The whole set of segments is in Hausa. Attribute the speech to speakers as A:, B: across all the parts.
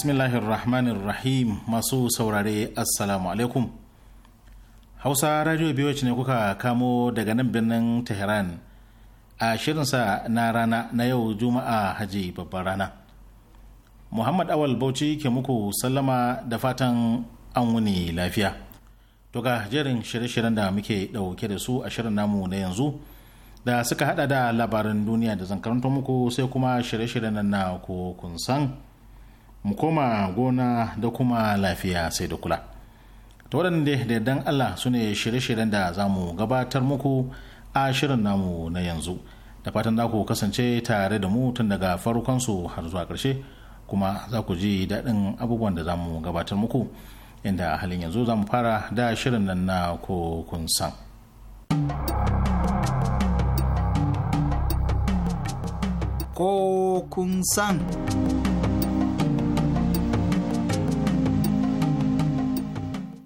A: bismillahirrahmanirrahim masu saurare assalamu alaikum hausa radio biyu ne kuka kamo daga nan birnin tehran a shirinsa na rana na yau juma'a haji babbar rana muhammad awal bauchi ke muku sallama da fatan an wuni lafiya to ga jerin shirye-shiryen da muke dauke da su a shirin namu na yanzu da suka hada da labaran duniya da zan karanto muku sai kuma shirye-shiryen na ku kun san mu koma gona da kuma lafiya sai da kula ta waɗanda da yardan allah su ne shirye-shiryen da za mu gabatar muku a shirin namu na yanzu da fatan za ku kasance tare da mu tun daga farkonsu har zuwa ƙarshe kuma za ku ji daɗin abubuwan da za mu gabatar muku inda halin yanzu za mu fara da shirin nan na kun san. Ko kun san.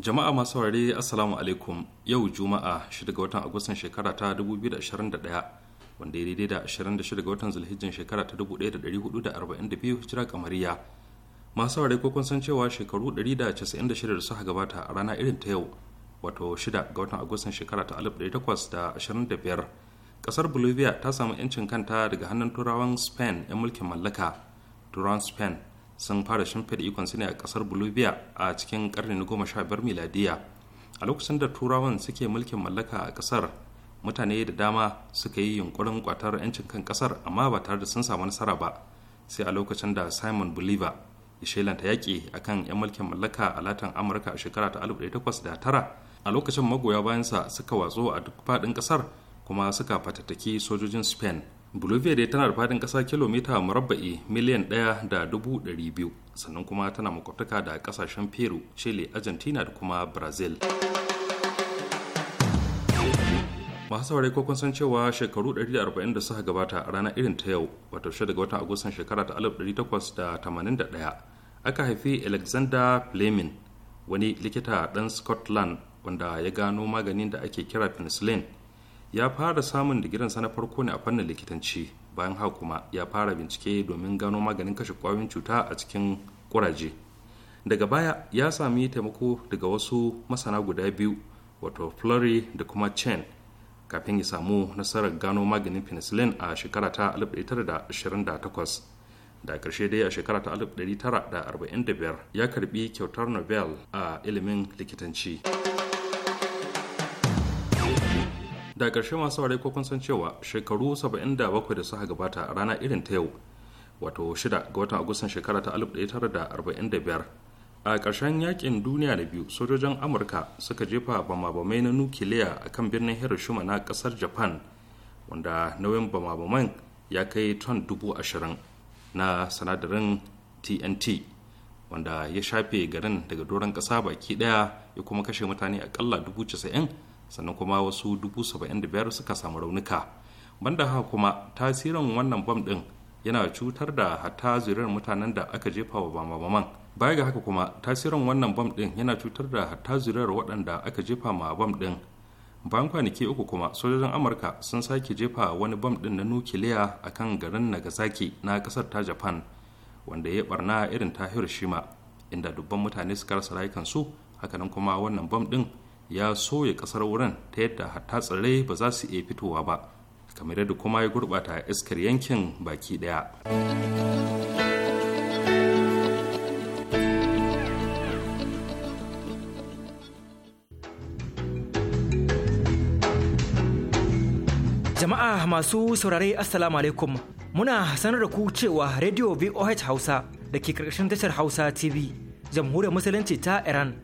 B: Jama'a masu saurare Assalamu alaikum yau Juma'a 6 ga watan Agustan shekara ta 2021 wanda ya daidai da 26 ga watan Zulhijjin shekara ta 1442 hijira kamariya. Masu saurare ko kun san cewa shekaru 196 da suka gabata a rana irin ta yau wato 6 ga watan Agustan shekara ta 1825 kasar Bolivia ta samu 'yancin kanta daga hannun turawan Spain 'yan mulkin mallaka. Turawan Spain sun fara shimfida ikon su ne a kasar bolivia a cikin karni na goma sha biyar miladiya a lokacin da turawan suke mulkin mallaka a ƙasar mutane da dama suka yi yunkurin kwatar 'yancin kan ƙasar amma ba tare da sun samu nasara ba sai a lokacin da simon bolivar ya shelanta yaƙi a kan 'yan mulkin mallaka a latin amurka a shekara ta tara a lokacin magoya bayansa suka watso a duk faɗin ƙasar kuma suka fatattaki sojojin spain bolivia dai tana da fadin ƙasa kilomita murabba'i miliyan ɗaya da dubu ɗari sannan kuma tana makwabtaka da kasashen peru chile argentina da kuma brazil masu saurari ko kun san cewa shekaru 140 da suka gabata a ranar irin ta yau wato shi daga watan agustan shekara ta 1881 aka haifi alexander fleming wani likita ɗan scotland wanda ya gano maganin da ake kira penicillin ya fara samun digiransa na farko ne a fannin likitanci bayan haka kuma ya fara bincike domin gano maganin kashe kwayoyin cuta a cikin kuraje daga baya ya sami taimako daga wasu masana guda biyu wato flurry da kuma chen kafin ya samu nasarar gano maganin penicillin a shekara ta 1928 da ƙarshe dai a shekara ta 1945 ya karbi kyautar novel a ilimin likitanci. da ƙarshe masu ware ko kun san cewa shekaru 77 da suka gabata a rana irin ta yau wato 6 ga watan agustan shekara ta 1945 a ƙarshen yakin duniya na biyu sojojin amurka suka jefa bama-bamai na nukiliya a kan birnin hiroshima na ƙasar japan wanda nauyin bama-baman ya kai ton dubu ashirin na sanadarin tnt wanda ya shafe garin daga doron ƙasa baki ɗaya ya kuma kashe mutane akalla dubu casa'in sannan kuma wasu dubu da biyar suka samu raunuka banda haka kuma tasirin wannan bom din yana cutar da hatta zuriyar mutanen da aka jefa wa bama baya ga haka kuma tasirin wannan bom din yana cutar da hatta zuriyar waɗanda aka jefa ma bom din bayan kwanaki uku kuma sojojin amurka sun sake jefa wani bom din na nukiliya a kan garin nagasaki na kasar ta japan wanda ya barna irin ta hiroshima inda dubban mutane suka rasa rayukansu hakanan kuma wannan bom din ya soya kasar wurin ta yadda hatta tsirrai ba za su iya fitowa ba kamar yadda kuma ya gurbata iskar yankin baki daya
C: jama'a masu saurare assalamu alaikum muna sanar da ku cewa radio voh hausa da ke karkashin tashar hausa tv jamhuriyar musulunci ta iran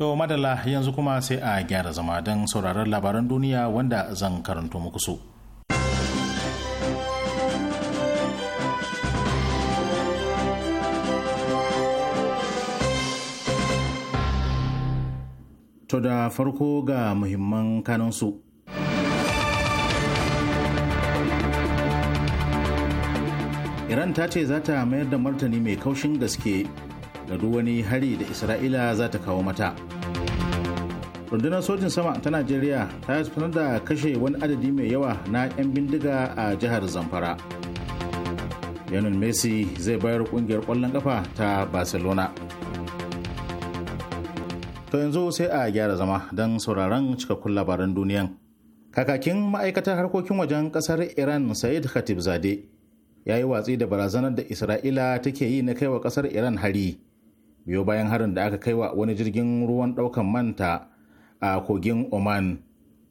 A: To madalla yanzu kuma sai a gyara zama don sauraron labaran duniya wanda zan karanto muku su. To da farko ga muhimman kanansu. Iran ta ce za ta mayar da martani mai kaushin gaske ga duk wani hari da Isra'ila za ta kawo mata. rundunar sojin sama ta najeriya ta yi sanar da kashe wani adadi mai yawa na 'yan bindiga a jihar zamfara yanin messi zai bayar kungiyar kwallon kafa ta barcelona to yanzu sai a gyara zama don sauraron cikakkun labaran duniyan kakakin ma'aikatar harkokin wajen kasar iran said khatib zade ya yi watsi da barazanar da isra'ila take yi na kaiwa kasar iran hari biyo bayan harin da aka kaiwa wani jirgin ruwan daukan manta a kogin oman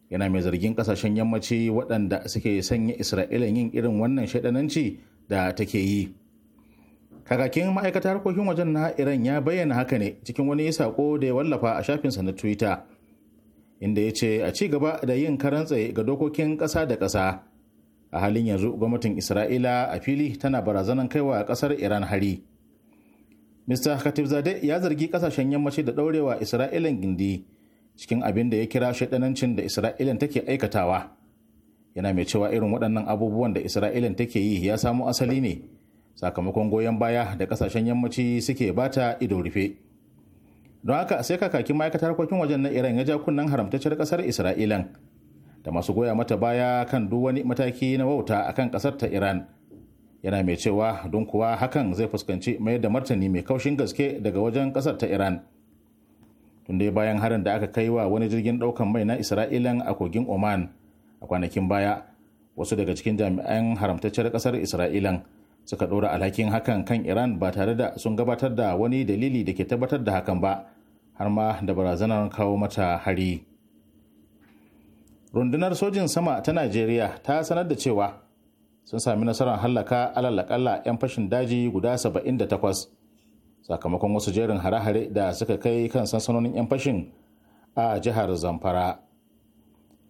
A: yana mai zargin kasashen yammaci waɗanda suke sanya isra'ila yin irin wannan shaɗananci da take yi kakakin ma'aikatar harkokin wajen na iran ya bayyana haka ne cikin wani sako da ya wallafa a shafinsa na twitter inda ya ce a ci gaba da yin karan tsaye ga dokokin ƙasa da ƙasa a halin yanzu gwamnatin isra'ila a fili tana barazanar kaiwa ƙasar iran hari mr khatibzadeh ya zargi ƙasashen yammaci da ɗaurewa isra'ilan gindi cikin abin da ya kira shaidanancin da isra'ilan take aikatawa yana mai cewa irin waɗannan abubuwan da isra'ilan take yi ya samo asali ne sakamakon goyon baya da kasashen yammaci suke bata ido rufe don haka sai kakakin ma'aikatar harkokin wajen na iran ya ja kunnen haramtacciyar kasar isra'ilan da masu goya mata baya kan duk wani mataki na wauta akan kasar ta iran yana mai cewa don kuwa hakan zai fuskanci mayar da martani mai kaushin gaske daga wajen kasar ta iran tun dai bayan harin da aka kai wa wani jirgin ɗaukan mai na isra'ilan a kogin oman a kwanakin baya wasu daga cikin jami'an haramtacciyar kasar isra'ilan suka ɗora alhakin hakan kan iran ba tare da sun gabatar da wani dalili da ke tabbatar da hakan ba har ma da barazanar kawo mata hari rundunar sojin sama ta najeriya ta sanar da cewa sun sami nasarar hallaka alalakalla 'yan fashin daji guda 78 sakamakon wasu jerin hare-hare da suka kai kan sansanonin 'yan fashin a jihar zamfara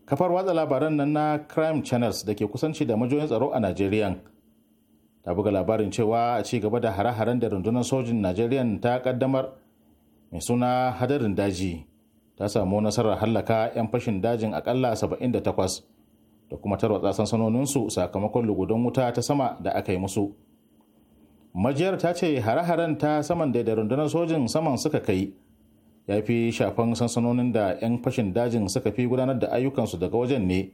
A: kafar watsa labaran nan na crime channels da ke kusanci da majoyin tsaro a nigeria ta buga labarin cewa a ci gaba da hare-haren da rundunar sojin nigeria ta kaddamar mai suna hadarin daji ta samu nasarar hallaka 'yan fashin dajin akalla 78 da kuma tarwatsa sansanoninsu sakamakon lugudan wuta ta sama da aka yi musu. majiyar ta ce hare-haren ta saman da rundunar sojin saman suka kai ya fi shafan sansanonin da 'yan fashin dajin suka fi gudanar da ayyukansu daga wajen ne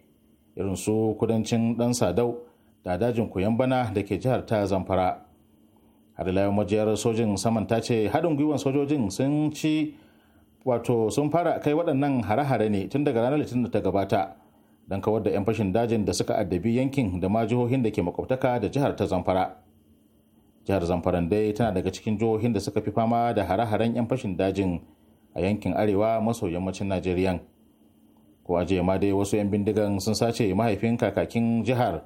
A: irin su kudancin dan sadau da dajin koyon bana da ke jihar ta zamfara har layan majiyar sojin saman ta ce haɗin gwiwan sojojin sun ci wato sun fara kai waɗannan hare-hare ne tun daga ranar litinin da ta gabata don kawar da 'yan fashin dajin da suka addabi yankin da ma jihohin da ke makwabtaka da jihar ta zamfara jihar zamfaran dai tana daga cikin jihohin da suka fi fama da hare-haren 'yan fashin dajin a yankin arewa maso yammacin najeriya ko jiya ma dai wasu 'yan bindigan sun sace mahaifin kakakin jihar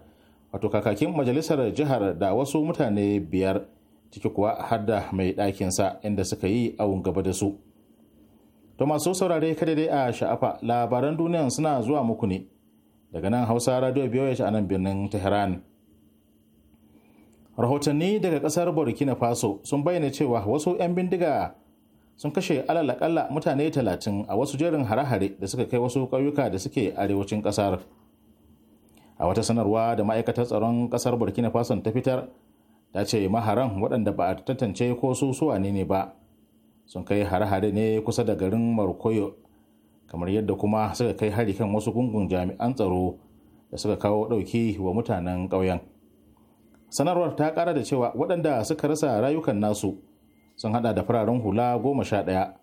A: wato kakakin majalisar jihar da wasu mutane biyar ciki kuwa har da mai ɗakin sa inda suka yi awun gaba da su to masu saurare kada dai a sha'afa labaran duniya suna zuwa muku ne daga nan hausa radio biyu a nan birnin tehran rahotanni daga kasar burkina faso sun bayyana cewa wasu 'yan bindiga sun kashe alalakalla mutane 30 a wasu jerin hare-hare da suka kai wasu ƙauyuka da suke arewacin kasar a wata sanarwa da ma'aikatar tsaron kasar burkina faso ta fitar ta ce maharan waɗanda ba a tantance ko su suwane ne ba sun kai hare-hare ne kusa da garin markoyo kamar yadda kuma suka kai hari kan wasu gungun jami'an tsaro da suka kawo ɗauki wa mutanen ƙauyen. sanarwar ta kara da cewa waɗanda suka rasa rayukan nasu sun hada da fararen hula goma sha ɗaya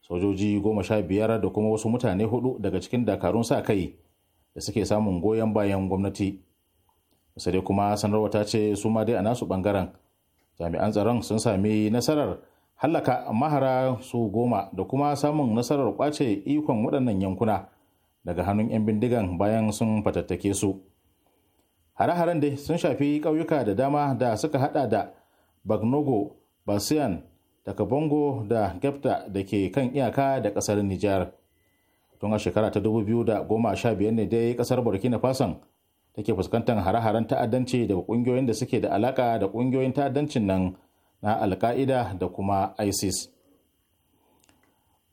A: sojoji goma sha biyar da kuma wasu mutane hudu daga cikin dakarun sa kai da suke samun goyon bayan gwamnati sai dai kuma sanarwa ta ce su ma dai a nasu bangaren jami'an tsaron sun sami nasarar hallaka mahara su goma da kuma samun nasarar kwace ikon waɗannan yankuna daga hannun 'yan bindigan bayan sun fatattake su. hare-haren dai sun shafi ƙauyuka da dama da suka hada da bagnogo basian daga bongo da gefta da ke kan iyaka da ƙasar nijar tun a shekara ta dubu biyu da goma sha biyar ne dai ƙasar burkina faso take fuskantar hare-haren ta'addanci daga ƙungiyoyin da suke da alaka da ƙungiyoyin ta'addancin nan na alka'ida da kuma isis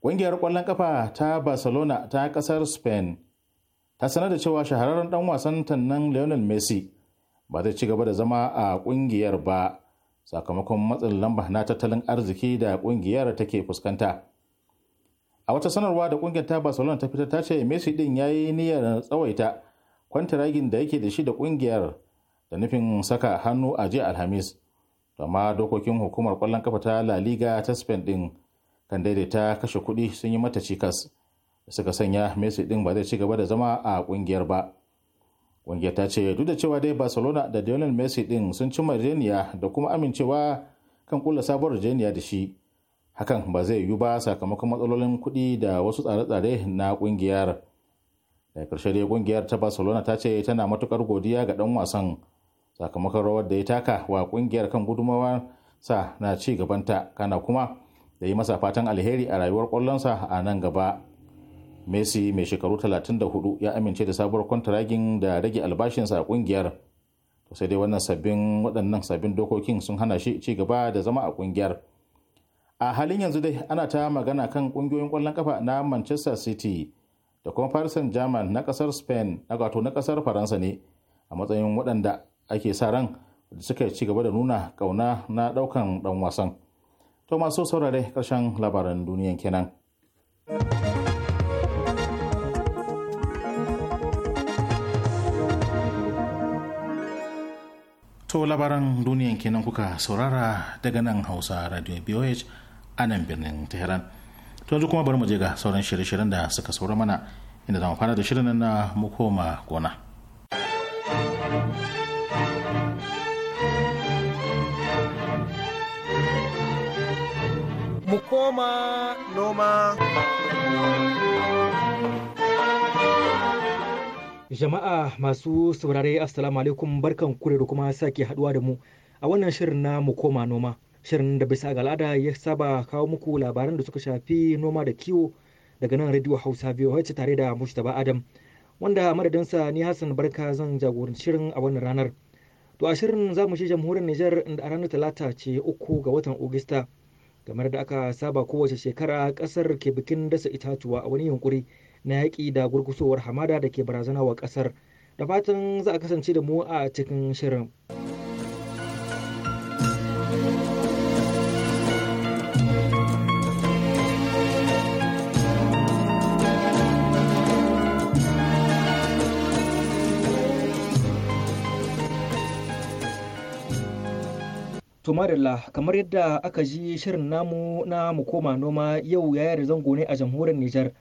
A: ƙungiyar ƙwallon ƙafa ta barcelona ta ƙasar spain ta sanar da cewa shahararren dan wasan tannan Lionel Messi ba zai ci gaba da zama a kungiyar ba sakamakon matsin lamba na tattalin arziki da kungiyar take fuskanta. A wata sanarwa da kungiyar ta Barcelona ta fitar ta ce Messi din ya yi niyyar tsawaita kwantiragin da yake da shi da kungiyar da nufin saka hannu a jiya Alhamis. amma dokokin hukumar kwallon kafa ta La Liga ta Spain din kan daidaita kashe kuɗi sun yi mata cikas. suka sanya messi din ba zai ci gaba da zama a kungiyar ba kungiyar ta ce duk da cewa dai barcelona da lionel messi din sun ci marjaniya da kuma amincewa kan kula sabuwar marjaniya da shi hakan ba zai yiwu ba sakamakon matsalolin kuɗi da wasu tsare-tsare na kungiyar da karshe dai kungiyar ta barcelona ta ce tana matukar godiya ga dan wasan sakamakon rawar da ya taka wa kungiyar kan gudumawa sa na ci gabanta kana kuma da yi masa fatan alheri a rayuwar kwallonsa a nan gaba messi mai shekaru 34 ya amince da sabuwar kwantaragin da rage albashinsa a kungiyar to sai dai wannan sabbin waɗannan sabbin dokokin sun hana shi ci gaba da zama a kungiyar a halin yanzu dai ana ta magana kan kungiyoyin ƙwallon kafa na manchester city da kuma paris saint germain na ƙasar spain na gato na ƙasar faransa ne a matsayin waɗanda ake sa ran da suka ci gaba da nuna ƙauna na ɗaukan ɗan wasan to masu saurare ƙarshen labaran duniyan kenan. thank you to labaran duniyan kenan kuka saurara daga nan hausa radio boh a nan birnin tehran to yanzu kuma bari mu je ga sauran shirye-shiryen da suka saura mana inda zamu fara da shirin na mu koma gona
C: mu koma noma Jama'a masu saurare Assalamu alaikum barkan kure da kuma sake haduwa da mu a wannan shirin na mu koma noma. Shirin da bisa ga al'ada ya saba kawo muku labaran da suka shafi noma da kiwo daga nan Radio Hausa biyu wacce tare da Mustapha Adam. Wanda sa ni Hassan Barka zan jagoranci shirin a wannan ranar. To a shirin za mu shi jamhuriyar niger inda a ranar Talata ce uku ga watan Ogista. Kamar da aka saba kowace shekara kasar ke bikin dasa itatuwa a wani yunkuri na yaƙi da gurgusowar hamada da ke barazana wa ƙasar da fatan za a kasance da mu a cikin shirin. Tumarilla kamar yadda aka ji shirin namu na mu koma noma yau yayar zango ne a jamhuriyar Nijar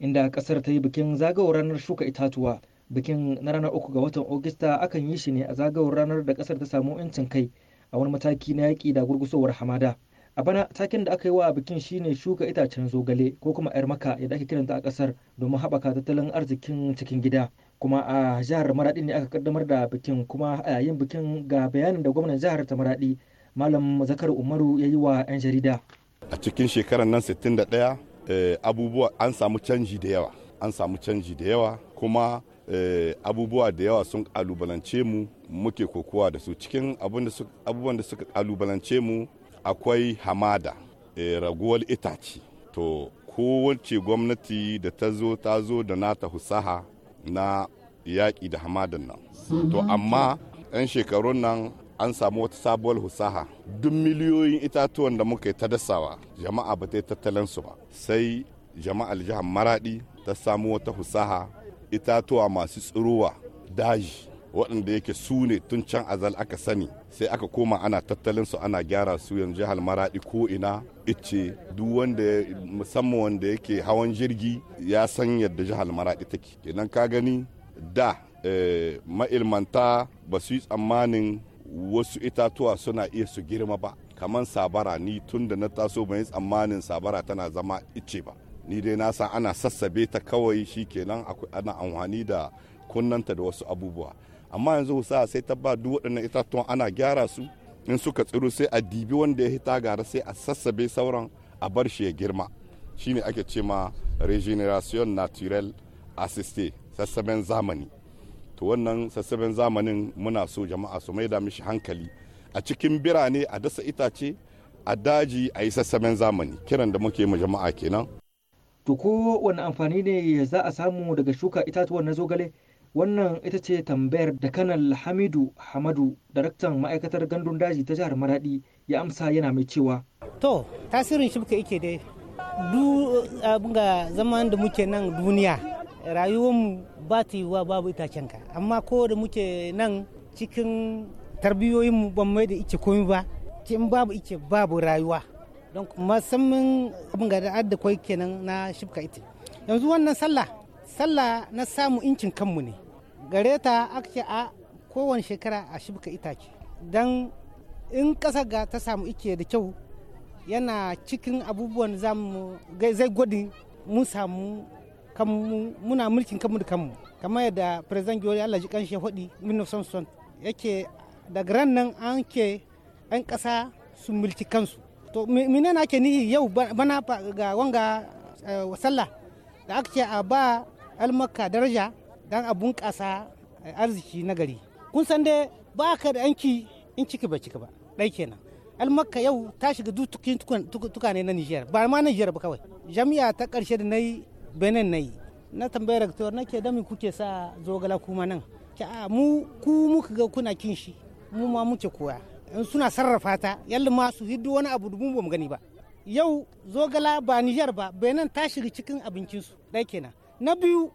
C: inda kasar ta yi bikin zagawar ranar shuka itatuwa bikin na ranar uku ga watan ogista akan yi shi ne a zagawar ranar da kasar ta samu 'yancin kai a wani mataki na yaƙi da gurgusowar hamada a bana takin da aka yi wa bikin shine shuka itacen zogale ko kuma yar maka yadda ake kiranta a kasar domin haɓaka tattalin arzikin cikin gida kuma a jihar maradi ne aka kaddamar da bikin kuma a yayin bikin ga bayanin da gwamnan jihar ta maradi malam zakar umaru ya yi wa 'yan jarida
D: a cikin shekarar nan 61 Eh, abubuwa an samu canji da yawa an samu canji da yawa kuma eh, abubuwa da yawa sun kalubalance mu muke kokowa da su cikin abubuwan da suka kalubalance mu akwai hamada eh, raguwar itace to kowace gwamnati da ta zo ta zo da nata husaha na yaƙi da hamadan nan to amma 'yan shekarun nan an samu wata sabuwar husaha duk miliyoyin itatuwan da muka yi ta dasawa jama'a ba ta yi tattalin su ba sai jama'ar jihar maradi ta samu wata husaha itatuwa masu tsiruwa daji waɗanda yake su ne tun can azal aka sani sai aka koma ana tattalin su ana gyara su yanzu jihar maradi ko ina ice duk wanda musamman wanda yake hawan jirgi ya san yadda jihar maradi take kenan ka gani da eh, ma'ilmanta ba su yi tsammanin wasu itatuwa suna iya su girma ba kamar sabara ni tun da na taso ban yi tsammanin sabara tana zama icce ba ni dai na san ana sassabe ta kawai shi kenan ana amfani da kunnanta da wasu abubuwa amma yanzu husa sai ta ba duk waɗannan itatuwan ana gyara su in suka tsiro sai a dibi wanda ya hita gara sai a sassabe sauran a bar shi ya girma shine ake ce ma regeneration naturel assisté sassaben zamani to wannan sassaben zamanin muna so jama'a su maida mishi hankali a cikin birane a dasa itace a daji a yi sassaben zamani kiran da muke ma jama'a kenan to
C: ko wani amfani ne za a samu daga shuka itatuwan na zogale wannan ita ce tambayar da kanal hamidu hamadu daraktan ma'aikatar gandun daji ta jihar maradi ya amsa yana mai cewa to tasirin shibka yake dai
E: du abin ga zaman da muke nan duniya rayuwarmu ba ta yiwuwa babu itacen amma ko da muke nan cikin tarbiyoyinmu ban mai da ice komi ba in babu ice babu rayuwa don musamman abin ga da kwai kenan na shifka ita yanzu wannan sallah sallah na samu incin kanmu ne gare ta aka a kowane shekara a shibka itace don in ƙasa ga ta samu ike da kyau yana cikin abubuwan zai gwadi mu samu kan muna mulkin kanmu da kanmu kamar yadda president Gori Allah ji kanshi hodi minna Samson yake da ran nan an ke an kasa su mulki kansu to mene na ke nihi yau bana ga wanga eh, sallah da aka ce a ba almaka daraja dan a bunkasa eh, arziki na gari kun san dai ba ka da yanki in ciki ba ciki ba dai kenan almakka yau ta shiga dutukin tukane na nijiyar ba ma nijiyar ba kawai jami'a ta karshe da na yi benin na yi na tambayar rektor na ke damin kuke sa zogala kuma nan ke a ah, mu ku muka ga kuna kin shi mu ma muke koya in suna sarrafa ta yalla ma su hiddu wani abu dubu ba mu gani ba yau zogala ba nijar ba benin ta shiga cikin abincin su ɗaya kenan na biyu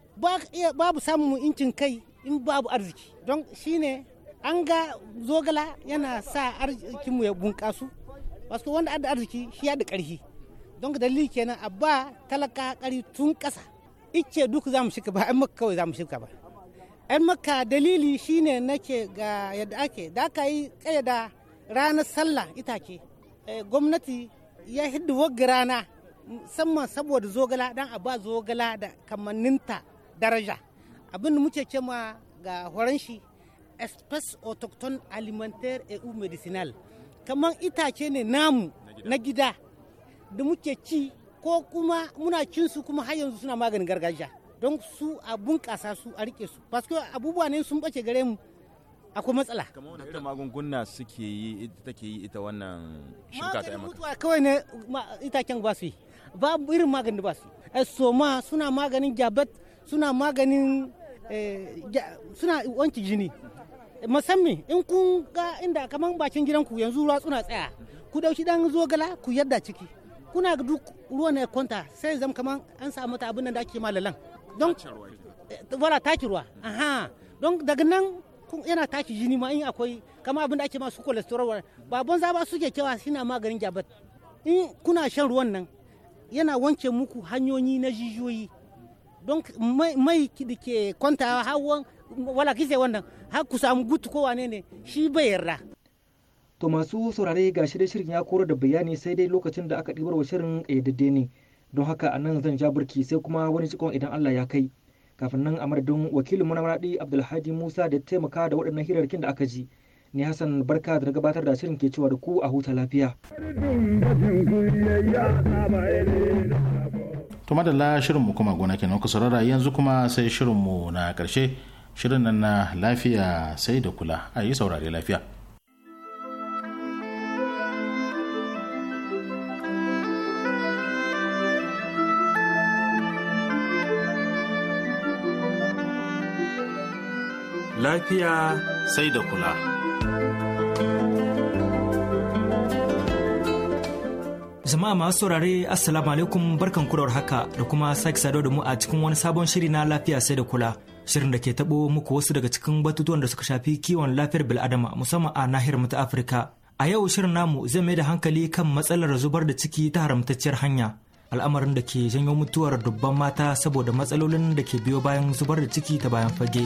E: babu samun incin kai in babu arziki don shine an ga zogala yana sa arzikinmu ya bunƙasu wasu wanda da arziki shi ya da ƙarfi don ka dalili kenan a ba talaka kari tun kasa ice duk za mu shika ba ai maka kawai za mu shika ba ai maka dalili shine nake ga yadda ake da aka yi kayyada ranar sallah itace eh, gwamnati ya hidda wagga rana musamman saboda zogala dan a ba zogala da kamanninta daraja abin da muke ce ga horon shi espèce autochtone alimentaire et ou medicinal kamar itace ne namu na gida da muke ci ko kuma muna cin su kuma har yanzu suna maganin gargajiya don su a bunƙasa su a rike su paske abubuwa ne sun bace gare mu akwai matsala
A: kamar wanda magunguna suke yi ke yi ita wannan
E: shuka ta yamma mutuwa kawai ne itaken ba su yi babu irin maganin ba su yi soma suna maganin jabet suna maganin eh, suna wanki jini musamman in kun ga inda kamar bakin gidanku yanzu ruwa tsaya ku dauki dan zogala ku yadda ciki kuna duk ruwan ya kwanta sai zama kamar an samu ta abin da ake malalan don wala eh, taki ruwa aha don daga nan yana taki jini ma in akwai kama abin da ake masu cholesterol babban zaba suke kewa suna maganin jabat in kuna shan ruwan nan yana wanke muku hanyoyi na jijiyoyi don mai da ke kwanta hawan wala kise wannan har ku samu gutu kowane ne shi bai yarda
C: To masu saurare ga shirye shirin ya koro da bayani sai dai lokacin da aka ɗibar wa shirin ƙayyadadde ne. Don haka a nan zan ja burki sai kuma wani cikon idan Allah ya kai. Kafin nan a madadin wakilin muna maraɗi Abdulhaji Musa da taimaka da waɗannan hirarkin da aka ji. ne Hassan Barka da gabatar da shirin ke cewa da ku a huta lafiya.
A: To madalla shirinmu kuma gona kenan ku saurara yanzu kuma sai mu na ƙarshe shirin nan na lafiya sai da kula a yi saurare lafiya. lafiya sai da kula.
C: Zama masu saurare Assalamu alaikum barkan kurar haka da kuma sake sado da mu a cikin wani sabon shiri na lafiya sai da kula. Shirin da ke tabo muku wasu daga cikin batutuwan da suka shafi kiwon lafiyar bil'adama musamman a nahiyar mu ta Afirka. A yau shirin namu zai mai da hankali kan matsalar zubar da ciki ta haramtacciyar hanya. al'amarin da ke janyo mutuwar dubban mata saboda matsalolin da ke biyo bayan zubar da ciki ta bayan fage.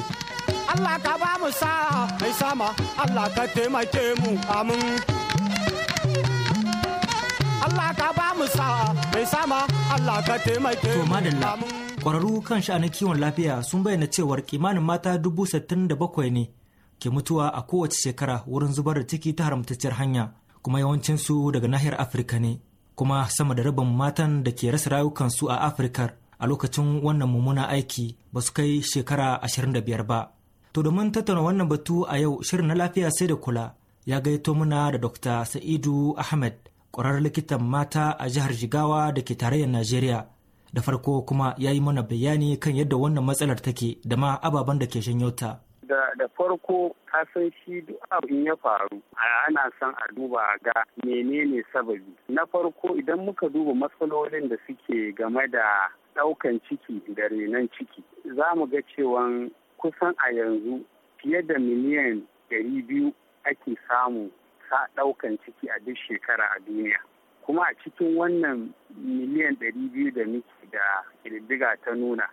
F: Allah ka ba mu sa'a mai sama Allah ka taimake mu amin. Allah ka ba mu sa'a mai sama Allah ka taimake mu amin.
C: Kwararru kan sha'anin kiwon lafiya sun bayyana cewar kimanin mata dubu sittin da bakwai ne ke mutuwa a kowace shekara wurin zubar da ciki ta haramtacciyar hanya kuma yawancinsu daga nahiyar Afirka ne. kuma sama da rabin matan da ke rasa rayukansu a afirka a lokacin wannan mummunan aiki ba su kai shekara 25 ba to domin tattauna wannan batu a yau shirin na lafiya sai da kula ya gaito muna da dr sa'idu ahmed ƙwararren likitan mata a jihar jigawa da ke tarayyar najeriya da farko kuma ya yi mana bayani kan yadda wannan matsalar take da ma ababen da ke janyo ta
F: da da farko san shi duk abin ya faru ana san a duba ga menene sababi na farko idan muka duba matsalolin da suke game da ɗaukan ciki da renon ciki za mu ga cewa kusan a yanzu fiye da miliyan ɗari biyu ake samu sa ɗaukan ciki a duk shekara a duniya kuma a cikin wannan miliyan ɗari biyu da muke da ta nuna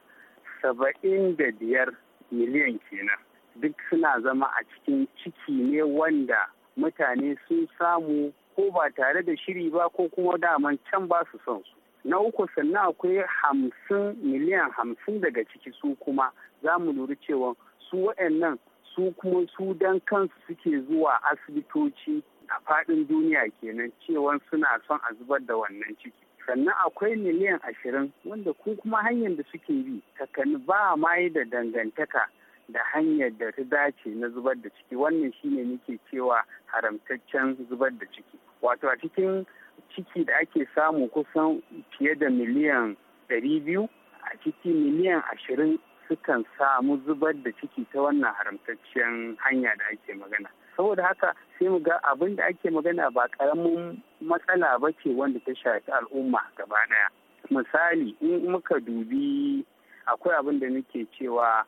F: saba'in da biyar miliyan kenan duk suna zama a cikin ciki ne wanda mutane sun samu ko ba tare da shiri ba ko kuma daman can ba su son su na uku sannan akwai hamsin miliyan hamsin daga ciki su kuma za mu lura cewa su waɗannan su kuma su dan kansu suke zuwa asibitoci a faɗin duniya kenan cewa suna son a zubar da wannan ciki sannan akwai miliyan ashirin wanda ku kuma hanyar da suke bi ba ma da dangantaka da hanyar da ta dace na zubar da ciki wannan shine nake cewa haramtaccen zubar da ciki wato a cikin ciki da ake samu kusan fiye da miliyan 200 a ciki miliyan 20 sukan samu zubar da ciki ta wannan haramtaccen hanya da ake magana saboda haka sai mu ga abin da ake magana ba karamin matsala ba ce wanda ta shafi al'umma gaba daya misali in muka dubi akwai abin da nake cewa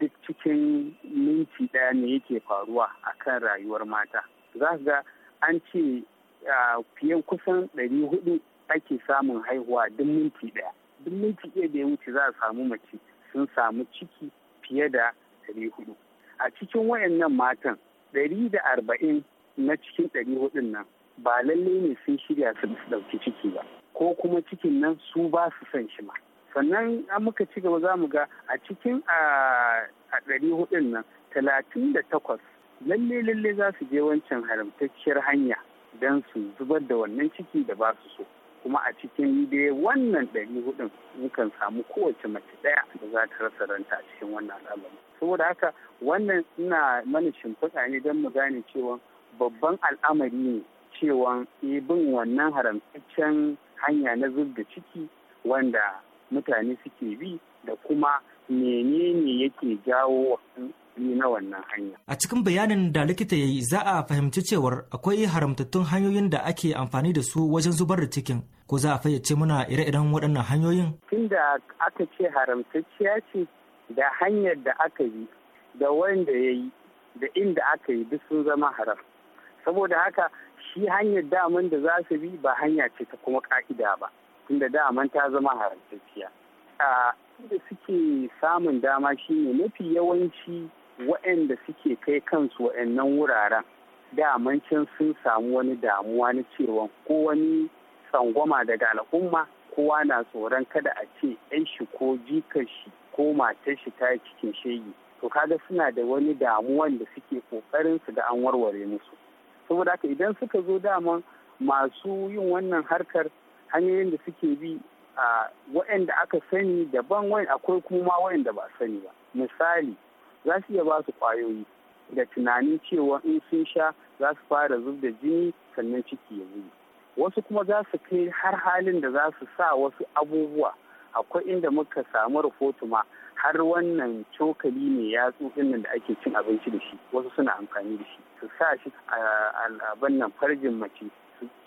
F: duk cikin minti ɗaya ne yake faruwa a kan rayuwar mata za ga an ce fiye kusan ɗari hudu ake samun haihuwa duk minti ɗaya duk minti ɗaya da ya wuce za a samu mace sun samu ciki fiye da ɗari hudu a cikin wayannan matan ɗari da arba'in na cikin ɗari hudun nan ba lallai ne sun shirya su ɗauki ciki ba ko kuma cikin nan su ba su son shi ma sannan an muka ci gaba za mu ga a cikin a ɗari hudun nan talatin da takwas lalle lalle za su je wancan haramtacciyar hanya don su zubar da wannan ciki da ba su so kuma a cikin dai wannan ɗari hudun mukan samu kowace mace ɗaya da za ta rasa ranta a cikin wannan al'amari saboda haka wannan ina mana shimfiɗa ne don mu gane cewa babban al'amari ne cewa eh, bin wannan haramtaccen hanya na zub da ciki wanda mutane suke bi da kuma menene yake jawo na wannan hanya.
C: A cikin bayanin da likita ya yi za a fahimci cewar akwai haramtattun hanyoyin da ake amfani da su wajen zubar da cikin. Ko za a fayyace muna ire-iren waɗannan hanyoyin?
F: Tunda aka ce haramtacciya ce da hanyar da aka yi da wanda ya yi da inda aka yi duk sun zama haram. Saboda haka shi hanyar daman da za su bi ba hanya ce ta kuma ka'ida ba. tunda daman ta zama haramtacciya a da suke samun dama shine mafi yawanci waɗanda suke kai kansu waɗannan wuraren daman can sun samu wani damuwa na cewa ko wani tsangwama daga al'umma kowa na tsoron kada a ce ɗan shi ko jikar shi ko matar shi ta cikin shegi to kaga suna da wani damuwan da suke kokarin su ga an warware musu saboda haka idan suka zo daman masu yin wannan harkar hanyoyin da suke bi a waɗanda aka sani daban wani akwai kuma waɗanda ba sani ba misali za su iya ba su kwayoyi da tunanin cewa in sun sha za su fara zub da jini sannan ciki ya zuyi wasu kuma za su kai har halin da za su sa wasu abubuwa akwai inda muka samu rahoto ma har wannan cokali ne ya nan da ake cin abinci da shi wasu suna amfani da shi su sa shi a abin nan farjin mace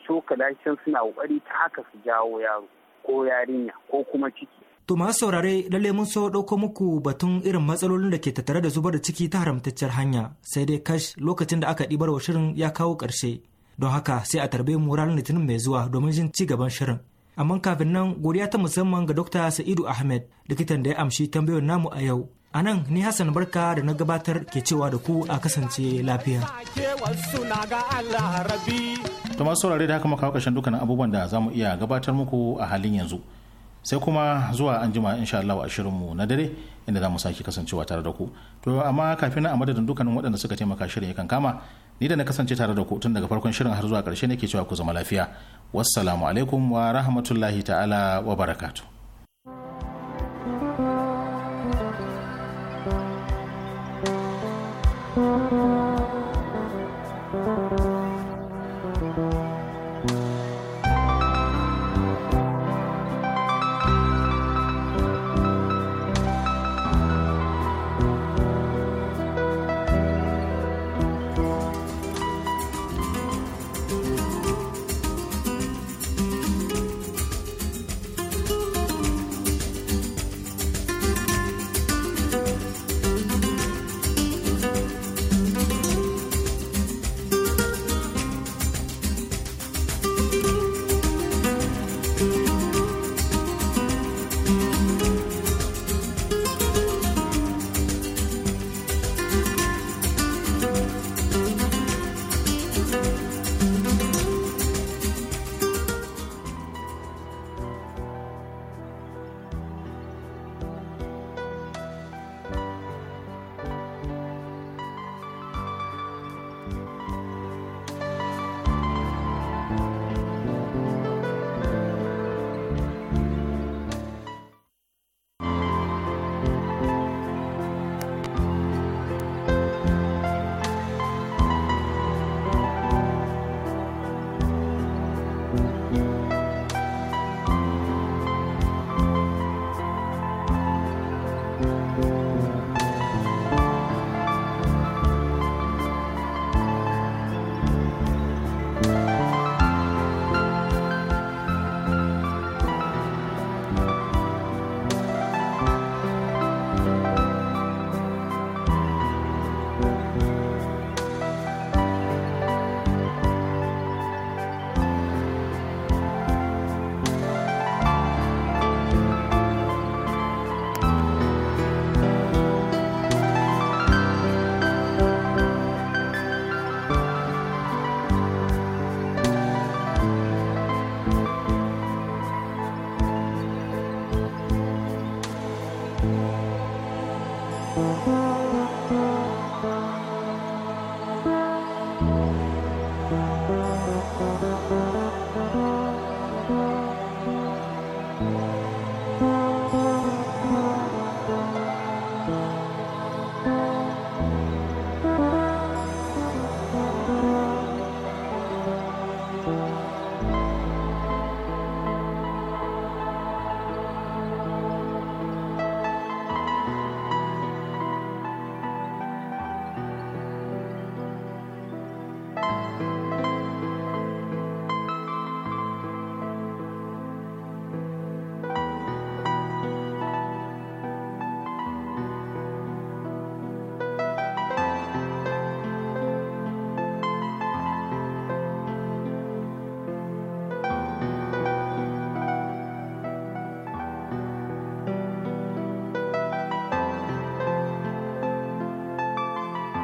F: cokala can suna kokari ta haka su jawo yaro ko yarinya ko kuma ciki.
C: To masu saurare lalle mun so ɗauko muku batun irin matsalolin da ke tattare da zubar da ciki ta haramtacciyar hanya sai dai kash lokacin da aka ɗibar wa shirin ya kawo ƙarshe. Don haka sai a tarbe mu ranar litinin mai zuwa domin jin ci gaban shirin. Amma kafin nan godiya ta musamman ga Dokta Sa'idu Ahmed likitan da ya amshi tambayon namu a yau A nan ni Hassan Barka da na gabatar ke cewa da ku a kasance lafiya. To masu saurare da haka muka
A: kashin dukkanin abubuwan da za mu iya gabatar muku a halin yanzu. Sai kuma zuwa an jima insha Allah a shirinmu na dare inda za mu sake kasancewa tare da ku. To amma kafin a madadin dukkanin waɗanda suka taimaka shirin yakan kama ni da na kasance tare da ku tun daga farkon shirin har zuwa ƙarshe nake cewa ku zama lafiya. Wassalamu alaikum wa rahmatullahi ta'ala wa barakatuh.